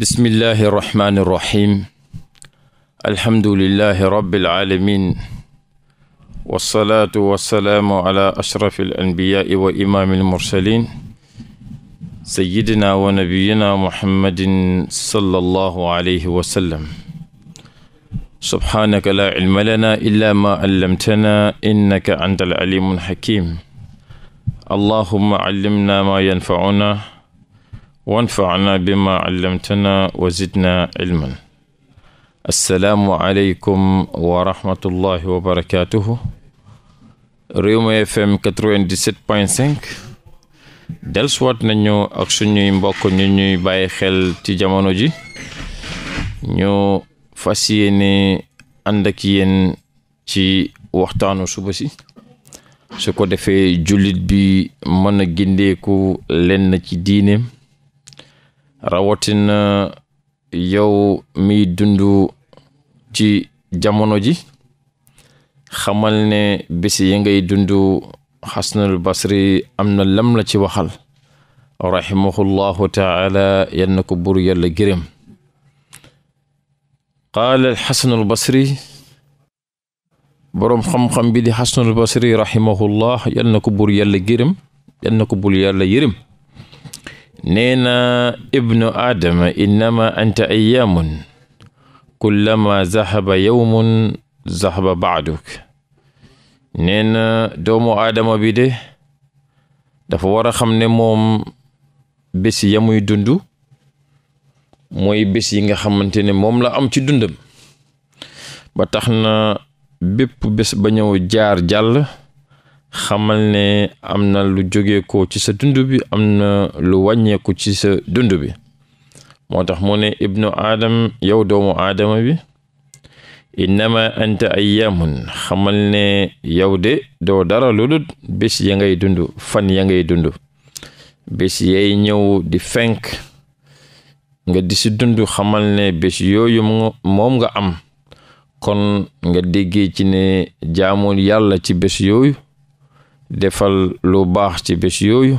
bismillahi irrahmani irrahim alhamdulilahi rabiilalamin walsalaatu walsalaamu ala ashrafi alanbiyaai wa imaami almursalin sayidina wa nabiyina muhammadin sala allahu alayhi wa sallam subhaanaka laa cilma lana illa ma allamtana innaka anta alalimu alxakim allahuma callimna ma yanfacuna wanfacna bima callamtana wa zidna cilman assalaamu aleykum wa rahmatullahi wa FM 97.5 dellusiwaat nañu ak suñuy mbokk ñu ñuy bàyyi xel ci jamono ji ñu fas yéene ànd ci waxtaanu suba si ko defee julit bi mën a gindeeku lenn ci diineem rawatina yow mi dund ci jamono ji xamal ne bés yi ngay dund xasanul basri am na lam la ci waxal rahimahullahu taala yal na ko buur yàlla gërëm qaala xasanul basri borom xam-xam bi di xasanul basri rahimahullah yal na ko buur yàlla gërëm yal na ko buur yàlla yërëm nee na ibnu aadama innama anta ayyaamun kullama zahaba yawmun zahaba baaduk nee doomu aadama bi de dafa war a xam ne moom bés yamuy muy dund mooy bés yi nga xamante ne moom la am ci dundam ba tax na bépp bés ba ñëw jaar jàll xamal ne am na lu jógeekoo ci sa dund bi am na lu wàññeeku ci sa dund bi moo tax mu ne ibnu aadam yow doomu aadama bi innama anta ayyaamun xamal ne yow de dara lu dul bés ya ngay dund fan ya ngay dund yay ñëw di fenk nga di si xamal ne bés yooyu moom nga am kon nga déggee ci ne jaamul yàlla ci bés yooyu defal lu baax ci bés yooyu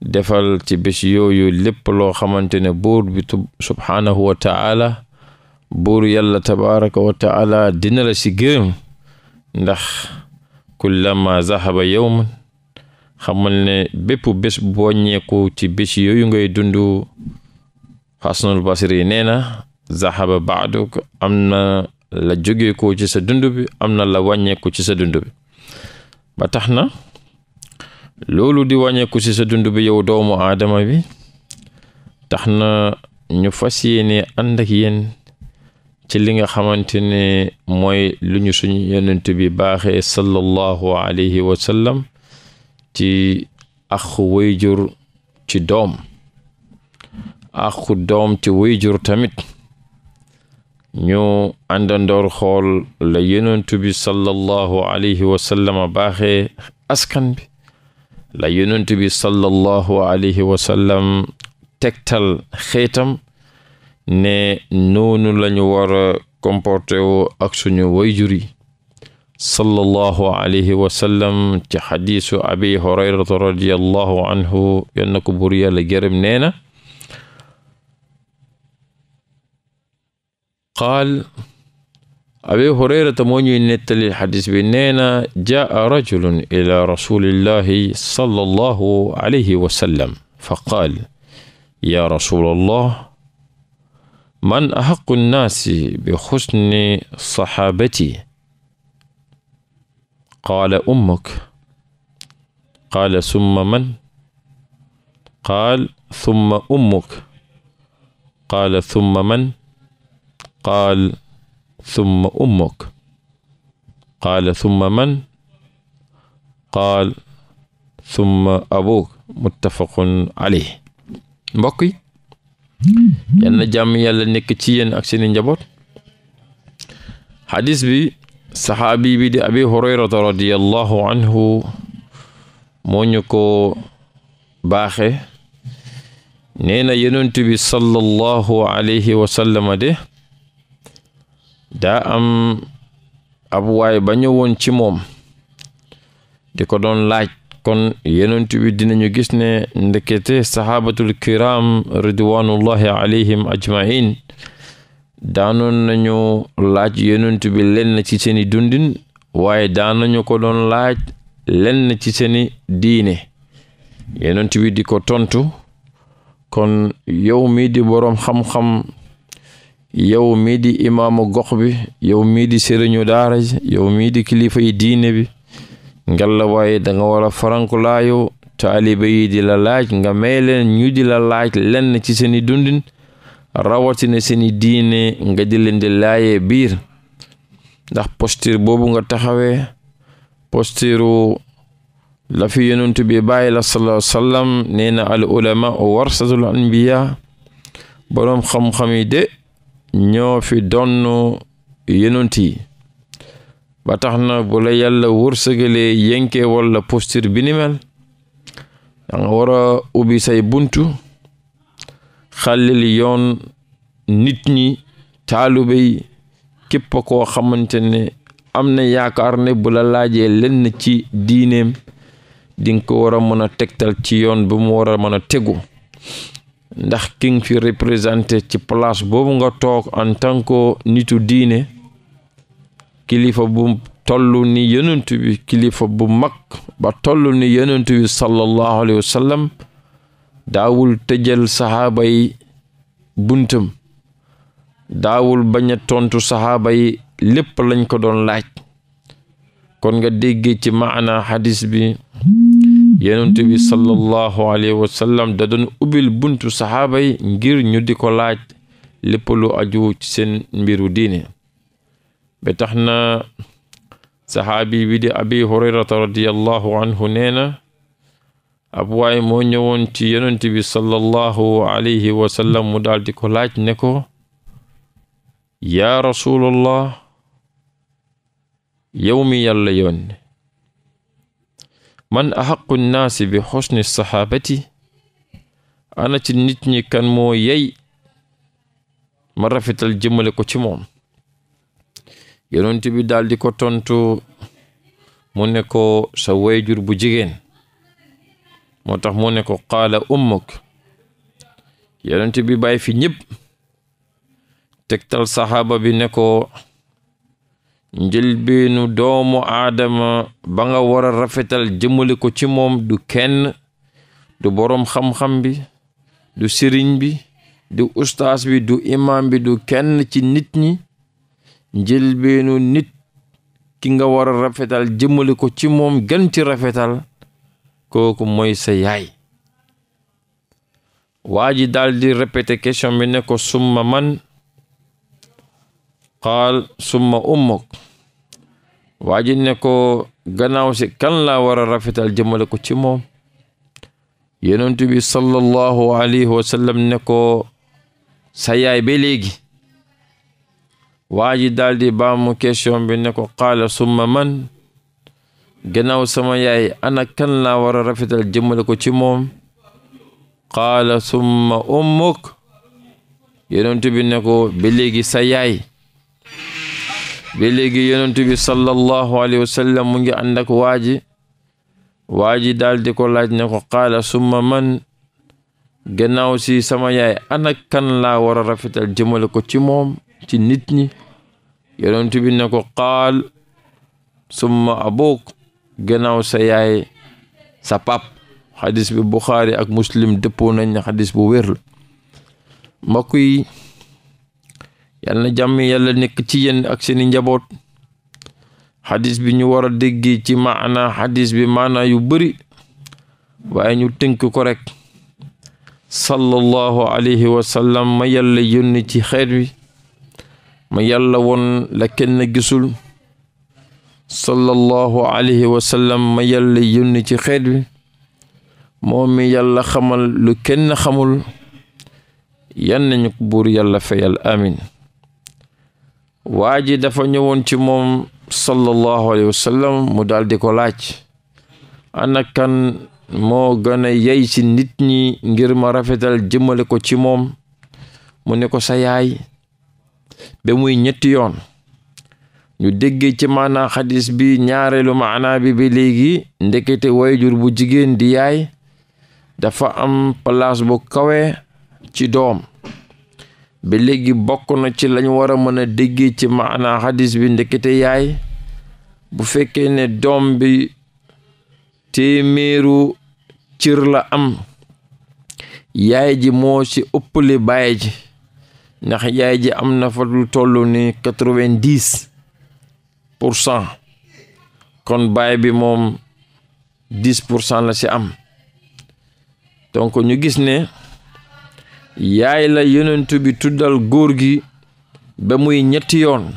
defal ci bés yooyu lépp loo xamante ne buur bi subhaanahu wa buur yàlla tabaraka wa taala dina la si gërëm ndax kullama zahaba yowman xamal ne bépp bés boññeeku ci bés yooyu ngay dundu xasanul basri nee na zahaba baaduk am na la jógeekoo ci sa dund bi am na la wàññeeku ci sa dund bi ba tax na loolu di wàññeeku ci sa dund bi yow doomu aadama bi tax na ñu fas yéene ànd ak yéen ci li nga xamante ne mooy lu ñu suñu yonent bi baaxee sallallahu alayhi wa sallam ci axu wayjur ci doom axu doom ci wayjur tamit ñu àndandoor xool la yonent bi sallallahu alayhi wa sallama baaxee askan bi la yonent bi sallallahu alayhi wa sallam tegtal xeetam ne noonu lañu war a comporté woo ak suñu wayjur yi sallallahu alayhi wa sallam ci xadiisu abi hurayrata radiallahu anhu yal na ko buur yàlla gërëm nee na qaal abi hurayrata moo ñuy nettali xadis bi nee na jaa rajulun ila rasulillahi sallallahu alayhi wa sallam fa qaal ya rasulallah man ahaqu nnaasi bi xusni saxaabati qaala ummuk qaala summa man qaal summa ummuk qaala summa man qaal summa ummuk qaala summa man qaal summa abuk muttafaqun aley mbokk yi yal na jàmm yàlla nekk ci yéen ak seeni njaboot xadis bi saxaabi bi di abi hurayrata radiallahu anhu moo ñu ko baaxe nee na yonent bi sallallahu alayhi wa sallam de daa am ab waay ba ñëwoon ci moom di ko doon laaj kon yonent bi dinañu gis ne ndekete saxaabatul kiram ridwanullahi alayhim ajmain daanoon nañu laaj yonent lenn ci seeni dundin waaye daanañu ko doon laaj lenn ci seeni diine yonent bi di ko tontu kon yow mii xam-xam yow mii di imaamu gox bi yow mii di sëriñu daara ji yow mii di kilifa yi diine bi ngalla waaye da nga war a farankulaayu taaliba yi di la laaj nga may leen ñu di la laaj lenn ci seeni dundin rawatina seeni diine nga di leen di laayee biir ndax postir boobu nga taxawe postiru la fi bi bàyyi la sallallahu alayhi wa sallam nee na al ulama warasatul anbiya boroom xam-xam yi de ñoo fi donn yonent yi ba tax na bu la yàlla wërsëgalee yenkee walla posture bi ni wara ubbi say buntu xàllil yoon nit ñi taalibe yi képp koo xamante ne am na yaakaar ne bu la laajee ci diineem dinga wara war mën a tegtal ci yoon bu mu war a mën a tegu ndax ki fi représenté ci place boobu nga toog en tant nitu diine kilifa bu toll ni yonent kilifa bu mag ba tollu ni yonent bi sallallahu alayhi daawul tëjal saxaaba yi buntam daawul bañ tontu saxaaba yi lépp lañ ko doon laaj kon nga déggee ci maana hadis bi yonent bi sallallahu alayhi wa sallam da buntu saxaaba ngir ñu di ko laaj lépp aju ci seen mbiru diine ba tax na saxaabi bi abi hurayrata radiallahu anhu nee na ab waay moo ñëwoon ci yonent bi sallallahu alayhi wa mu daal di ko laaj ne ko yaa rasulallah yow mi yàlla man ahaqu nnaasi bi xusni saxaabati ana ci nit ñi kan moo yey ma rafetal jëmale ko ci moom yonent bi daal ko tontu mu ne ko sa wayjur bu jigéen moo tax mu ne ko qaala ummuk yonent bi bàyyi fi ñëpp tegtal saxaaba bi ne ko njëlbeenu doomu aadama ba nga war a rafetal jëmale ko ci moom du kenn du boroom xam-xam bi du sëriñ bi du ustaas bi du imaam bi du kenn ci nit ñi njëlbeenu nit ki nga war rafetal jëmale ko ci moom gën ci rafetal kooku mooy sa yaay waa ji daal di question bi ne ko summa man qaal summa ummuk waa ji ne ko gannaaw si kan laa war a rafetal jëmale ko ci moom yonent bi sallallahu alayhi wa ne ko sa yaay ba léegi waa ji daal baamu question bi ne ko qaala summa man gannaaw sama yaay ana kan laa war a rafetal jëmale ko ci moom qaala summa ummuk yonent bi ne ko ba léegi yaay ba léegi yonent bi sallallahu alayhi wa sallam mu ngi ànd ak waa ji waa ji daal ko laaj ne ko qaala summa man gannaaw si sama yaay ana kan laa war a rafetal jëmale ko ci moom ci nit ñi yonent bi ne ko qaal summa abuk gannaaw sa yaay sa pap xadis bi Buxaari ak Muslim dëppoo nañ ne xadis bu wér yàlla na jàmm yàlla nekk ci yenn ak seeni njaboot xadis bi ñu war a déggee ci maana xadis bi maana yu bëri waaye ñu tënk ko rekk sallallahu alayhi wa sallam ma yàlla yónni ci xeet wi ma yàlla woon la kenn gisul sallallahu alayhi wa sallam ma ci xeet wi moom mi yàlla xamal lu kenn xamul yan nañu ko buur yàlla fayal amin waa ji dafa ñëwoon ci moom sallallahu alayhi wa mu daal di ko laaj ana moo gën a yey ci nit ñi ngir ma rafetal jëmale ko ci moom mu ne ko sa yaay ba muy ñetti yoon ñu déggee ci maanaa xadis bi ñaareelu maanaa bi ba léegi ndekete wayjur bu jigéen di yaay dafa am palaas bu kawe ci doom ba léegi bokk na ci lañu war a mën a déggee ci maanaa xadis bi ndekete yaay bu fekkee ne doom bi téeméeru cër la am yaay ji moo ci ëppale baay ji ndax yaay ji am na fa lu toll ni quatre vingt pour cent kon baay bi moom dix pour cent la ci am donc ñu gis ne yaay la yonent bi tuddal góor gi ba muy ñetti yoon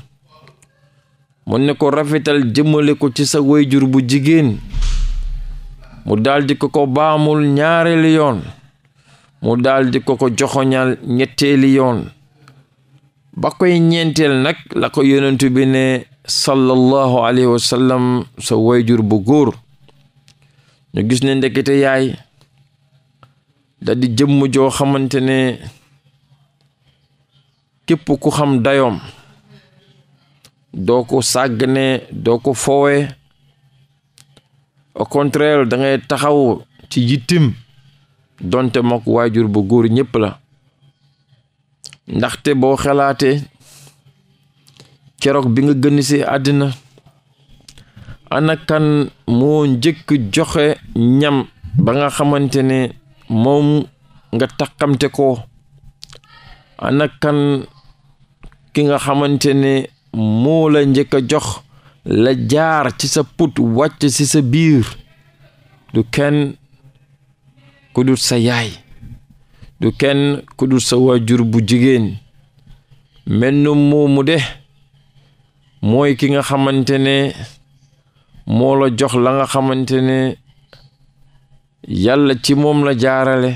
mu ne ko rafetal jëmale ko ci sa wayjur bu jigéen mu daldi ko ko baamul ñaareeli yoon mu daldi ko ko joxoñal ñetteeli yoon ba koy ñeenteel nag la ko yonent bi ne sallallahu alayhi wa sa wayjur bu góor ñu gis ne ndekete yaay da di jëmm joo xamante ne képp ku xam dayoom doo ko sàggane doo ko foowe au contraire da ngay taxaw ci yittim donte mag waajur bu góor ñépp la ndaxte boo xalaatee keroog bi nga gën ci àddina ana moo njëkk joxe ñam ba nga xamante ne moom nga taqamte ko ana ki nga xamante ne moo la njëkk a jox la jaar ci sa put wàcc ci sa biir du kenn ku sa yaay du kenn ku dul sa waajur bu jigéen mennum moomu de mooy ki nga xamante ne moola jox la nga xamante ne yàlla ci moom la jaarale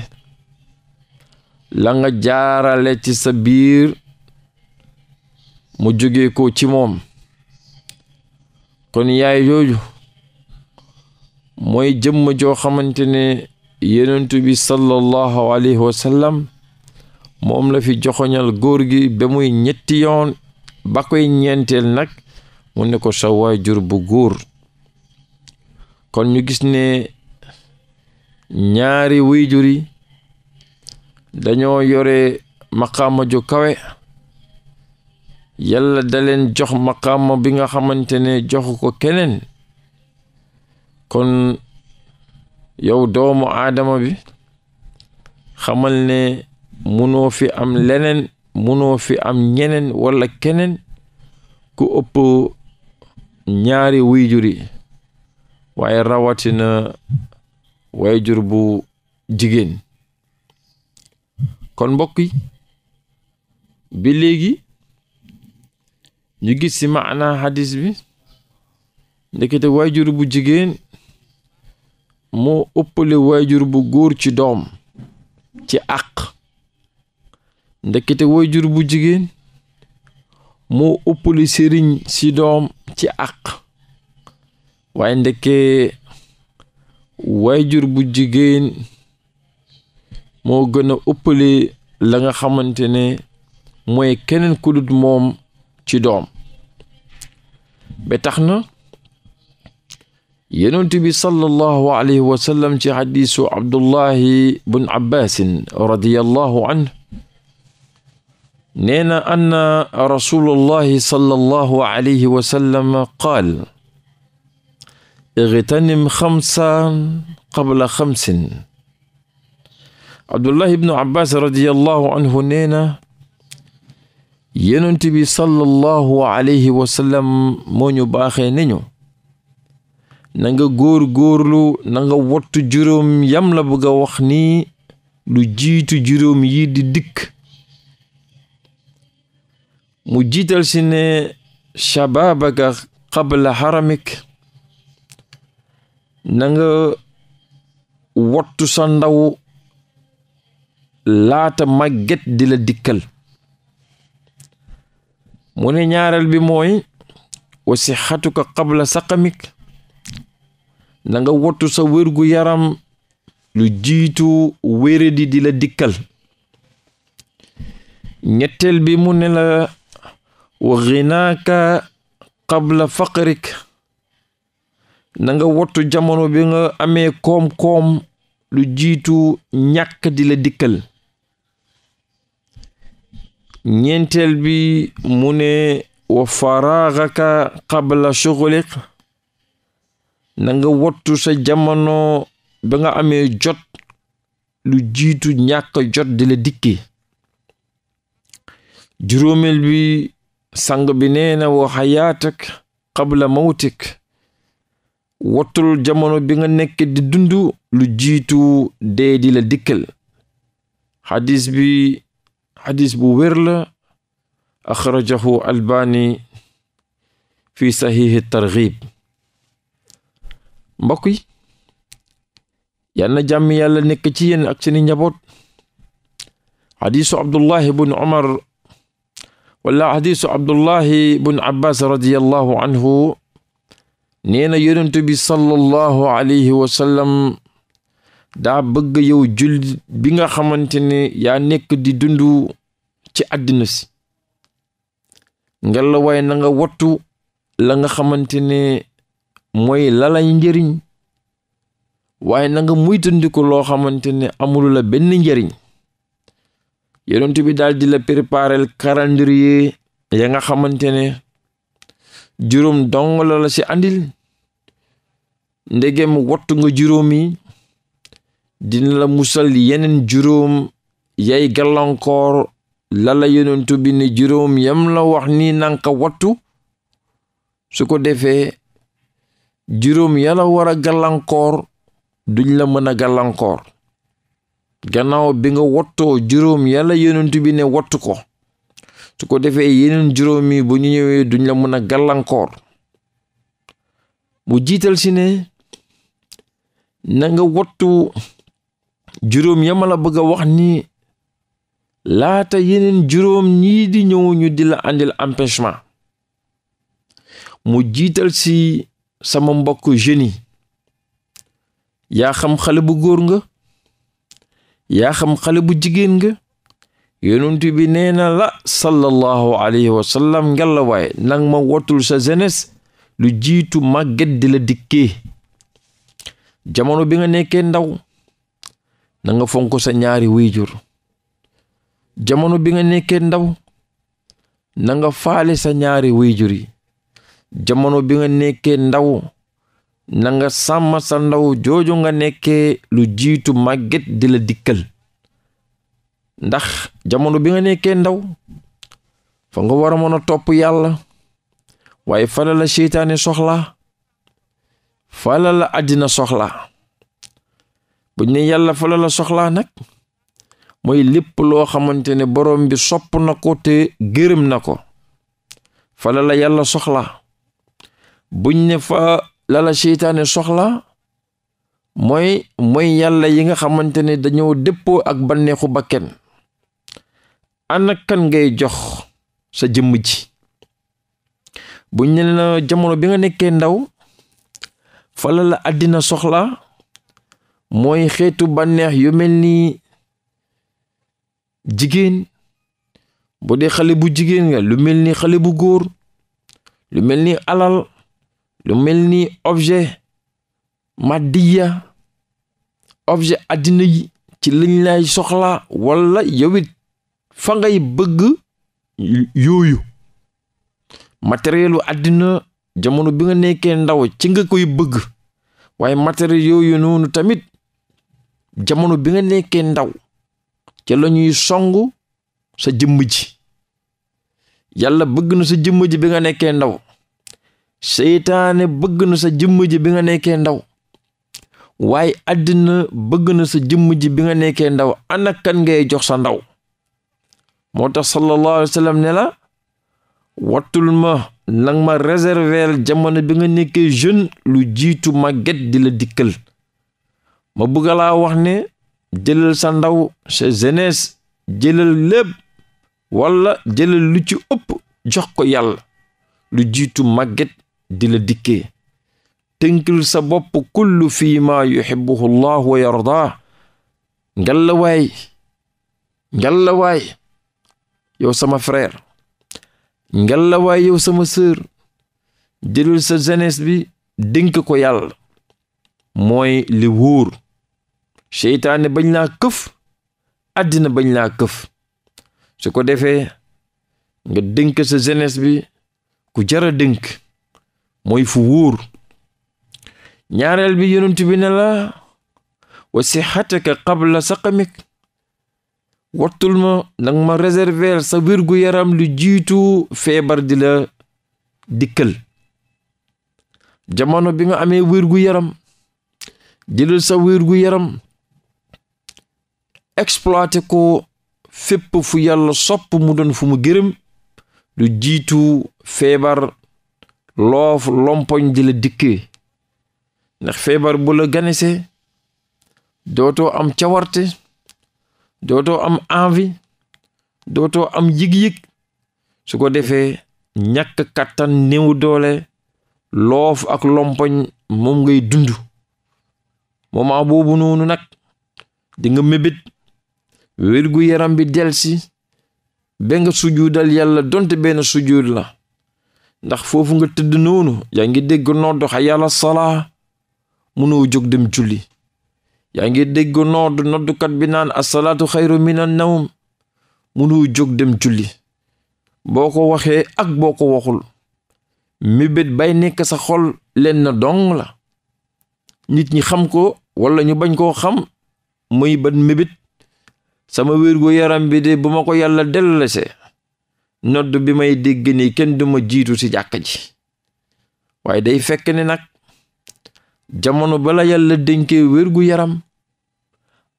la nga jaarale ci sa biir mu jóge ko ci moom kon yaay jooju mooy jëmm joo xamante ne yenentu bi sallallahu alayhi wa moom la fi joxoñal góor gi ba muy ñetti yoon ba ñeenteel nag mu ne ko sa waajur bu góor kon ñu gis ne ñaari wayjur yi dañoo yore maqaama ju kawe yàlla da leen jox maqaama bi nga xamante ne joxu ko keneen kon yow doomu aadama bi xamal ne munoo fi am leneen munoo fi am ñeneen walla keneen ku ëpp ñaari wayjur yi rawatina way jur bu jigéen kon mbokk bi léegi ñu gis ci maana hadis bi ndekete waajur bu jigéen moo ëppale waajur bu góor ci doom ci àq ndekete waajur bu jigéen moo ëppale sëriñ si doom ci àq waaye ndekkee waajur bu jigéen moo gën a ëppale la nga xamante ne mooy keneen ku moom ci doom ba tax na yonent bi sallallahu alayhi wa ci xadiisu abdullahi bun abbaasin radiyallahu anhu nee na anna rasulullahi sallallahu alayhi wa qaal ixtanim xamsan qabla xamsin abdullahi ibnu abbas radiallahu anhu nee na yonent sallallahu alayhi wa sallam moo ñu baaxee góor góorlu na nga juróom yam la wax ni lu jiitu juróom yi di dikk mu jiital si ne shabaabaka qabla haramik na nga wattu sa ndaw laata màgget di la dikkal mu ne ñaareel bi mooy wa sixatuka qabla saqamik na nga wattu sa wérgu yaram lu jiitu wéradi di la dikkal ñetteel bi mu ne la wa xinaaka qabla faqrik nanga nga wattu jamono bi nga amee koom-koom lu jiitu ñàkk di la dikkal ñeenteel bi mu ne wa faraagaka qabla shughlik na nga wattu sa jamono ba nga amee jot lu jiitu ñàkk jot di la dikki juróomeel bi sang bi nee na wa xayaatak qabla mawtik wattul jamono bi nga nekk di dund lu jiitu dee di la dikkal xadis bi xadis bu wér la axrajahu albani fi saxiixi targhib mbokk yi yal na jàmm yàlla nekk ci yéen ak seeni njaboot xadisu abdullahi bun umar wala xadisu abdullahi bun abbas radiallahu anhu nee na bi sallallahu alayhi wa daa bëgg yow jullit bi nga xamante ne yaa nekk di dund ci àddina si ngela waay na nga la nga xamante ne mooy la lay waaye nanga nga muytandiku loo xamante ne amul la benn njëriñ yonent bi daal di la préparel calendrier ya nga xamante ne juróom dong la la ci andil ndegem wattu nga juróom dina la musal yeneen juróom yay gàllankoor lala la yonentu juróom yam la wax ni nanka wattu su ko defee juróom yala war a gàllankoor duñ la mën a gàllankoor gannaaw bi nga wattoo juróom yàlla yonentu bi ne wattu ko su ko defee yeneen juróomi bu ñu ñëwee duñ la mën a gàllankoor mu jiital si ne nanga nga wattu juróom yama la bëgg a wax ni laata yeneen juróom ñii di ñëw di la andil empêchement mu jiital si sama mbokk jeunes yi yaa xam xale bu góor nga yaa xam xale bu jigéen nga yonent bi nee na la sallallahu alayhi wa sallam waay nang ma wattul sa genes lu jiitu màgget di la dikkee jamono bi nga nekkee ndaw na nga fonk sa ñaari waajur jamono bi nga nekkee ndaw na nga faale sa ñaari waajur yi jamono bi nga nekkee ndaw na nga sàmm sa ndaw jooju nga nekkee lu jiitu màgget di la dikkal ndax jamono bi nga nekkee ndaw fa nga war a mën a topp yàlla waaye fala la seytaane soxla fala la àddina soxla buñ ne yàlla fala la soxlaa nag mooy lépp loo xamante ne borom bi sopp na ko te gërëm na ko fala la yàlla soxla buñ ne fa la la soxla mooy mooy yàlla yi nga xamante ne dañoo déppoo ak banneexu bakken ana kan ngay jox sa jëmm ji buñ ne la jamono bi nga nekkee ndaw fala la àddina soxla mooy xeetu bànneex yu mel ni jigéen bu dee xale bu jigéen nga lu mel ni xale bu góor lu mel ni alal lu mel ni objet madiya objet àddina yi ci lañ lay soxla wala yowit fa ngay bëgg yooyu matérielu àddina jamono bi nga nekkee ndaw ci nga koy bëgg waaye matériel yooyu noonu tamit jamono bi nga nekkee ndaw ca la ñuy song sa jëmm ji yàlla bëgg na sa jëmm ji bi nga nekkee ndaw seytaane bëgg na sa jëmm ji bi nga nekkee ndaw waaye àddina bëgg na sa jëmm ji bi nga nekkee ndaw ana kan ngay jox sa ndaw moo tax sallallahu wa sallam ne la wattul ma nang ma réserver jamono bi nga nekkee jeune lu jiitu màgget di la dikkal ma bëgg laa wax ne jëlal sa ndaw sa jeunesse jëlal lépp wala jëlal lu ci ëpp jox ko yàlla lu jiitu màgget di la dikkee tënkil sa bopp kullu fii ma yuhibbuhu wa yarda ngalla waay yow sama frère ngelawaay yow sama sër jëlul sa jeunesse bi dénk ko yàlla mooy li wuur seytaane bañ laa këf àddina bañ laa këf su ko defee nga dénk sa jeunesse bi ku jara dénk mooy fu wuur ñaareel bi yonent bi ne la wa sixataka qabla saqamik wattul ma nang ma réserver sa wirgu yaram lu jiitu feebar di la dikkal jamono bi nga amee wirgu gu yaram jëlal sa wirgu yaram exploité ko fépp fu yàlla sopp mu doon fu mu gërëm lu jiitu feebar loof lompoñ di la dikkee ndax feebar bu la ganese dootoo am cawarte dootoo am envi dootoo am yëg-yëg su ko defee ñàkk kattan néew doole loof ak lompoñ moom ngay dund moment boobu noonu nag dinga mébét wirgu yaram bi delsi ba nga sujuudal yàlla donte benn sujuud la ndax foofu nga tëdd noonu yaa ngi dégg noo doxa yàlla salaa mënoo jóg dem julli yaa ngi dégg noodu noddukat bi naan asalaatu xayru minan nawm munoo jóg dem julli boo ko waxee ak boo ko waxul mébét bay nekk sa xol leen na la nit ñi xam ko walla ñu bañ koo xam muy bat mébét sama wér gu yaram bi de bu ma ko yàlla dellase nodd bi may dégg ni kenn duma jiitu ci jàkk ji waaye day fekk ne nag jamono bala yàlla dénkee wérgu yaram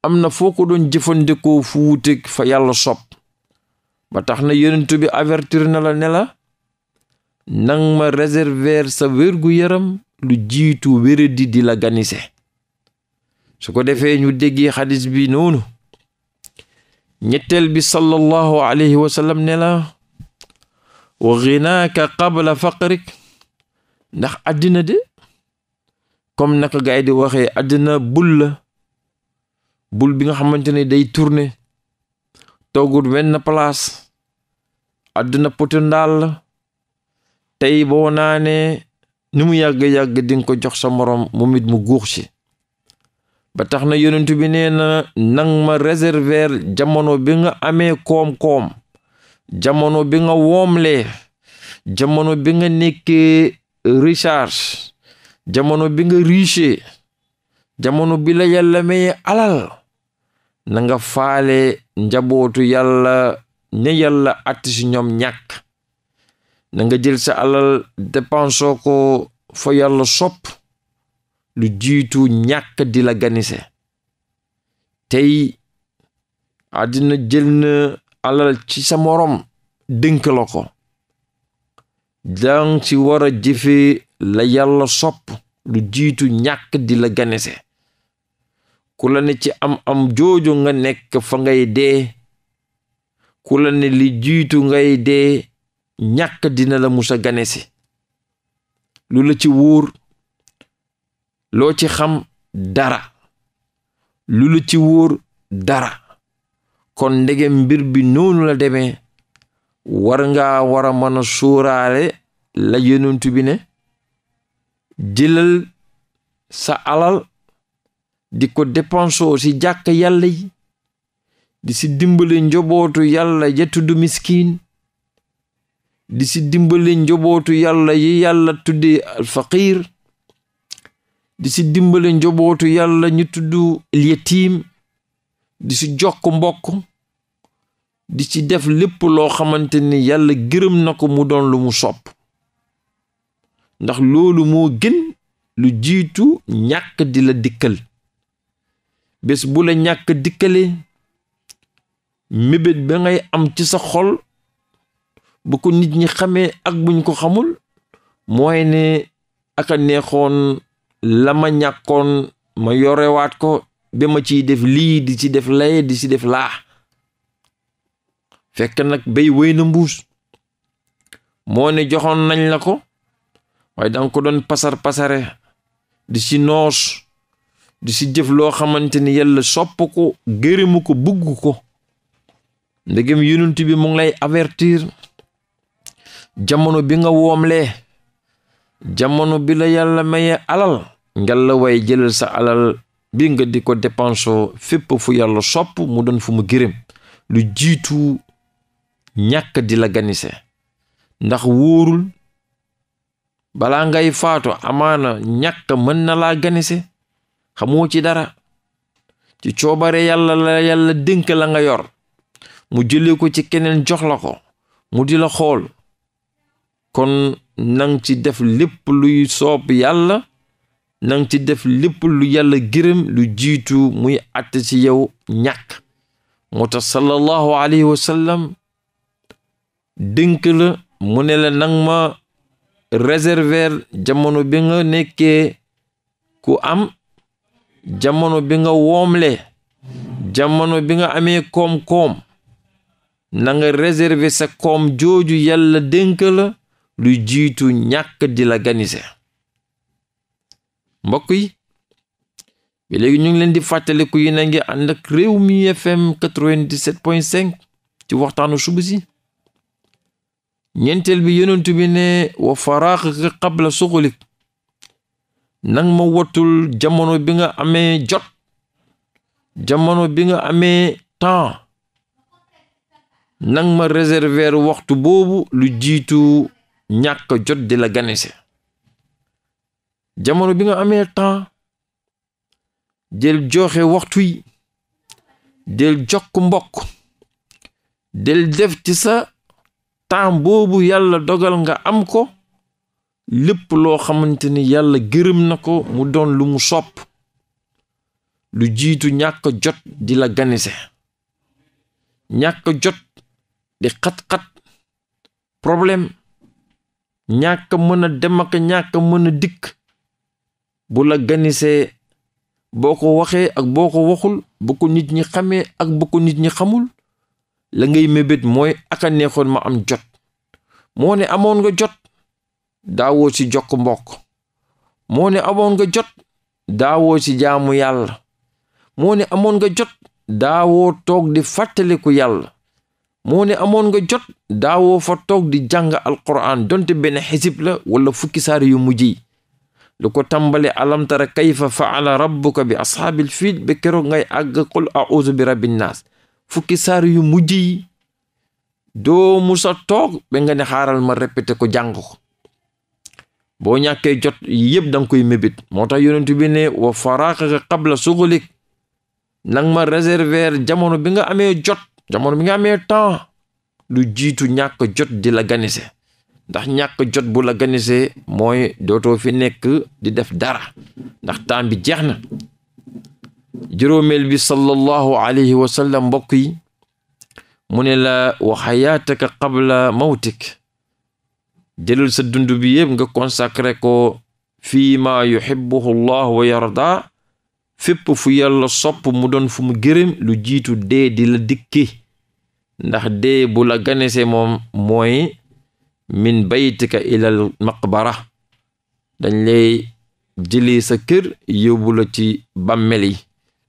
am na foo ko doon jëfandikoo fu fa yàlla sopp ba tax na yonent bi avertir na la ne la nang ma réserver sa wérgu yaram lu jiitu wéradi di la ganise su ko defee ñu déggee xadis bi noonu ñetteel bi sallallahu alayhi wa sallam ne la wa xinaaka qabla ndax àddina de comme naka gaa yi di waxee àddina bul la bul bi nga xamante ne day tourner toogul wenn place àdduna potu ndaal la tey boo naanee ni mu yàgg-yàgg di nga ko jox sa morom moom it mu guux si ba tax na yonent bi nee na nang ma réserver jamono bi nga amee koom-koom jamono bi nga woomlee jamono bi nga nekkee recharge jamono bi nga riche jamono bi la yàlla maye alal na nga faale njabootu yàlla ne yàlla atti ñoom ñàkk na nga jël sa alal dépensoo ko fa yàlla sopp lu jiitu ñàkk di la ganise tey àddina jël na alal ci sa morom dënk la ko dang ci war a jëfee la yàlla sopp lu jiitu ñàkk di la ganese ku la ne ci am am jooju nga nekk fa ngay de ku la ne li jiitu ngay de ñàkk dina la musa ganesi lu la ci wóor loo ci xam dara lu la ci wóor dara kon ndegem mbir bi noonu la demee war ngaa war a mën a suuraale la yonent bi ne sa alal di ko dépensoo si jàkk yàlla yi di ci dimbale njobootu yàlla ya miskin di ci dimbale njobootu yàlla yi yàlla tudde alfaqir di ci dimbale njobootu yàlla ñu tudd lyetiim di ci jokk mbokk di ci def lépp loo xamante ni yàlla gërëm na ko mu doon lu mu sopp ndax loolu moo gën lu jiitu ñàkk di la dikkal bés bu la ñàkk dikkale mébét ba ngay am ci sa xol bu ko nit ñi xamee ak buñ ko xamul mooy ne aka neexoon la ma ñàkkoon ma yorewaat ko ba ma ciy def lii di ci def laye di ci def laa fekk nag béy wéy na mbuus moo ne joxoon nañ la ko waaye danga ko doon pasar pasare di si noos di si jëf loo xamante ni yàlla sopp ko gërëmu ko bugg ko ndegem yonent bi mu ngi lay avertir jamono bi nga woomlee jamono bi la yàlla maye alal ngel la way jëlal sa alal bi nga di ko dépensoo fépp fu yàlla sopp mu doon fu mu gërëm lu jiitu ñàkk di la ganise ndax wóorul balaa ngay faatu amaana ñàkk mën na laa ganise xamoo ci dara ci coobare yàlla la yàlla dénk la nga yor mu jëlee ko ci keneen jox la ko mu di la xool kon nang ci def lépp luy soob yàlla nang ci def lépp lu yàlla gërëm lu jiitu muy àtt ci yow ñàkk moo tax sallallahu alayhi dënk la mu ne la nag ma réserver jamono bi nga nekkee ku am jamono bi nga woomle jamono bi nga amee koom-koom na nga sa koom jooju yalla dënk la lu jiitu ñàkk di la ganiser mbokk yi bi léegi ñu ngi leen di fàttaliku yi na ngi ànd ak réew mi FM 97.5 ci waxtaanu suba si ñeenteel bi yonentu bi ne wa faraaxaka qabla suxulik nang ma wattul jamono bi nga amee jot jamono bi nga amee temps nang ma réserver waxtu boobu lu jiitu ñàkk jot di la ganese jamono bi nga amee temps del joxe waxtu yi del jokk mbokk del def sa temps boobu yàlla dogal nga am ko lépp loo xamante ni yàlla gërëm na ko mu doon lu mu sopp lu jiitu ñàkk jot di la ganise ñàkk jot di xat-xat problème ñàkk mën a dem ak ñàkk mën a dikk bu la ganisee boo ko waxee ak boo ko waxul bu ko nit ñi xamee ak bu ko nit ñi xamul la ngay mébét mooy aka neexoon ma am jot moone amoon nga jot daawoo ci jokk mbokk moo ne amoon nga jot daawoo ci jaamu yàlla moo ne amoon nga jot daawoo toog di fàttaliku yàlla moo ne amoon nga jot daawoo fa toog di jàng alquran donte benn xisib la wala fukki saar yu mujj yi lu ko tàmbale alamtara kayfa faala rabbuka bi ashaabil fiil ba keroog ngay àgg qul auzu bi rabbin naas fukki saar yu mujj yi doo musa toog ba nga ne xaaral ma répété ko jàng ko boo ñàkkee jot yëpp da nga koy mébét moo tax yonent bi ne wa faraaqaka qabla sugulik nang ma réserver jamono bi nga amee jot jamono bi nga amee temps lu jiitu ñàkk jot di la ganise ndax ñàkk jot bu la ganise mooy dootoo fi nekk di def dara ndax temps bi jeex na juróomeel bi sallallahu alayhi wa sallam mbokk yi mu ne la wa xayaataka qabla mawtik jëlal sa dund bi yëpp nga consacré ko fii ma yuhibbuhu llah wa yarda fu yàlla sopp mu doon fu mu lu jiitu dee la dikki ndax dee bu ganese moom mooy min baytika ilal maqbara dañ lay jëlee sa kër yóbbu ci bàmmel yi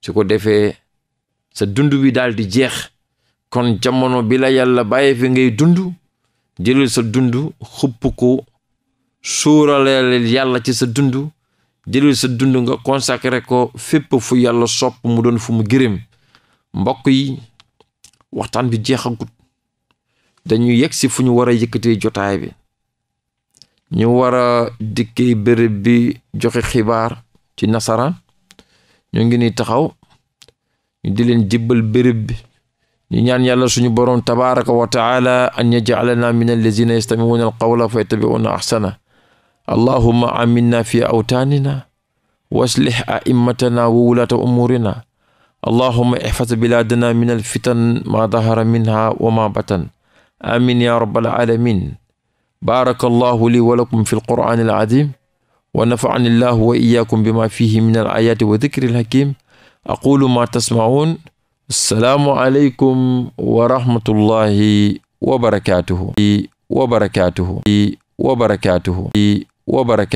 su ko defee sa dund bi daal di jeex kon jamono bi la yàlla bàyyi fi ngay dund jëlal sa dund xupp ko suuraleel yàlla ci sa dund jëlal sa dund nga consacré ko fépp fu yàlla sopp mu doon fu mu gërëm mbokk yi waxtaan bi jeexagut dañu yegg si fu ñu war a yëkkatee jotaay bi ñu war a dikkee bërëb bi joxe xibaar ci nasaraan ñoo ngi ni taxaw ñu di leen jébbal bërëb bi ñu ñaan yàlla suñu boroom tabaraka wa taala an yajalana min allazina yastamiuna alqawla fa yattabiuna ahsana allahuma aminna fi awtaanina wa aslih aimmatana wa wulata umurina allahuma ihfaz biladana min alfitan ma dahara minha wa ma batan amin ya rabbal alamin baraka allahu li wa lakum fi alquran alazim wa nafaani llahu wa iyaakum bima fihi min al ayaati wa dikri al hakim aqulu ma tasmaun assalaamu aleykum wa rahmatullahi wa barakatuhu wa barakatuhu wa barakatuhu wa barakatuhu